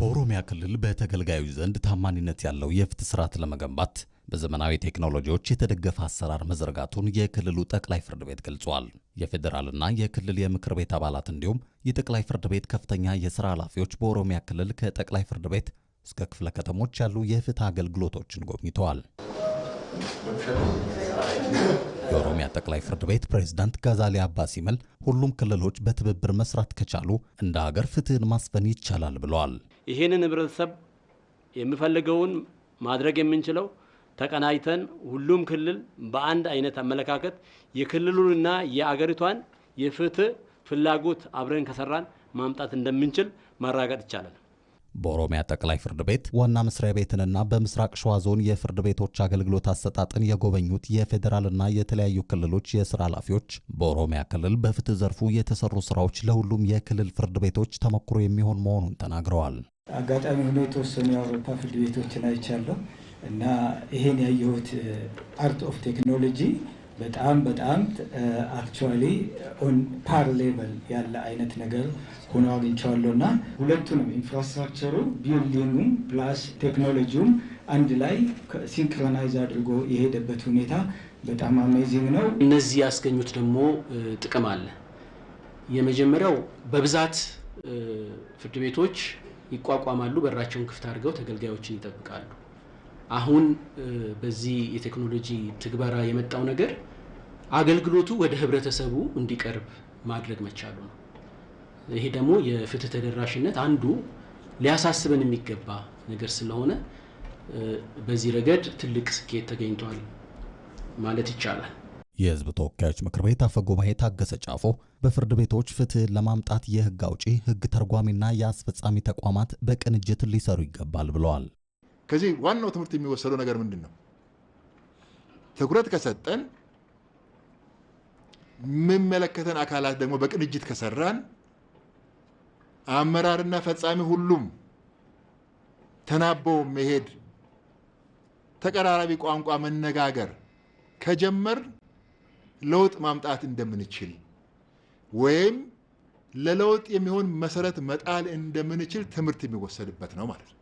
በኦሮሚያ ክልል በተገልጋዮች ዘንድ ታማኒነት ያለው የፍትህ ስርዓት ለመገንባት በዘመናዊ ቴክኖሎጂዎች የተደገፈ አሰራር መዘርጋቱን የክልሉ ጠቅላይ ፍርድ ቤት ገልጿል። የፌዴራልና የክልል የምክር ቤት አባላት እንዲሁም የጠቅላይ ፍርድ ቤት ከፍተኛ የሥራ ኃላፊዎች በኦሮሚያ ክልል ከጠቅላይ ፍርድ ቤት እስከ ክፍለ ከተሞች ያሉ የፍትህ አገልግሎቶችን ጎብኝተዋል። የኦሮሚያ ጠቅላይ ፍርድ ቤት ፕሬዝዳንት ጋዛሊ አባ ሲመል ሁሉም ክልሎች በትብብር መስራት ከቻሉ እንደ ሀገር ፍትህን ማስፈን ይቻላል ብለዋል። ይሄንን ህብረተሰብ የሚፈልገውን ማድረግ የምንችለው ተቀናጅተን ሁሉም ክልል በአንድ አይነት አመለካከት የክልሉንና የአገሪቷን የፍትህ ፍላጎት አብረን ከሰራን ማምጣት እንደምንችል ማረጋገጥ ይቻላል። በኦሮሚያ ጠቅላይ ፍርድ ቤት ዋና መስሪያ ቤትንና በምስራቅ ሸዋ ዞን የፍርድ ቤቶች አገልግሎት አሰጣጥን የጎበኙት የፌዴራልና የተለያዩ ክልሎች የስራ ኃላፊዎች በኦሮሚያ ክልል በፍትህ ዘርፉ የተሰሩ ስራዎች ለሁሉም የክልል ፍርድ ቤቶች ተሞክሮ የሚሆን መሆኑን ተናግረዋል። አጋጣሚ ሆኖ የተወሰኑ የአውሮፓ ፍርድ ቤቶችን አይቻለሁ እና ይሄን ያየሁት አርት ኦፍ ቴክኖሎጂ በጣም በጣም አክቹዋሊ ኦን ፓር ሌቨል ያለ አይነት ነገር ሆኖ አግኝቸዋለሁ እና ሁለቱንም ኢንፍራስትራክቸሩ ቢልዲንጉም ፕላስ ቴክኖሎጂውም አንድ ላይ ሲንክሮናይዝ አድርጎ የሄደበት ሁኔታ በጣም አሜዚንግ ነው። እነዚህ ያስገኙት ደግሞ ጥቅም አለ። የመጀመሪያው በብዛት ፍርድ ቤቶች ይቋቋማሉ፣ በራቸውን ክፍት አድርገው ተገልጋዮችን ይጠብቃሉ። አሁን በዚህ የቴክኖሎጂ ትግበራ የመጣው ነገር አገልግሎቱ ወደ ህብረተሰቡ እንዲቀርብ ማድረግ መቻሉ ነው። ይሄ ደግሞ የፍትህ ተደራሽነት አንዱ ሊያሳስበን የሚገባ ነገር ስለሆነ በዚህ ረገድ ትልቅ ስኬት ተገኝቷል ማለት ይቻላል። የህዝብ ተወካዮች ምክር ቤት አፈ ጉባኤ ታገሰ ጫፎ በፍርድ ቤቶች ፍትህ ለማምጣት የህግ አውጪ፣ ህግ ተርጓሚና የአስፈጻሚ ተቋማት በቅንጅት ሊሰሩ ይገባል ብለዋል። ከዚህ ዋናው ትምህርት የሚወሰደው ነገር ምንድን ነው? ትኩረት ከሰጠን የሚመለከተን አካላት ደግሞ በቅንጅት ከሰራን አመራርና ፈጻሚ ሁሉም ተናበው መሄድ፣ ተቀራራቢ ቋንቋ መነጋገር ከጀመር ለውጥ ማምጣት እንደምንችል ወይም ለለውጥ የሚሆን መሰረት መጣል እንደምንችል ትምህርት የሚወሰድበት ነው ማለት ነው።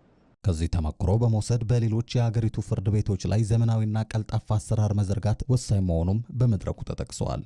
ከዚህ ተመክሮ በመውሰድ በሌሎች የአገሪቱ ፍርድ ቤቶች ላይ ዘመናዊና ቀልጣፋ አሰራር መዘርጋት ወሳኝ መሆኑም በመድረኩ ተጠቅሰዋል።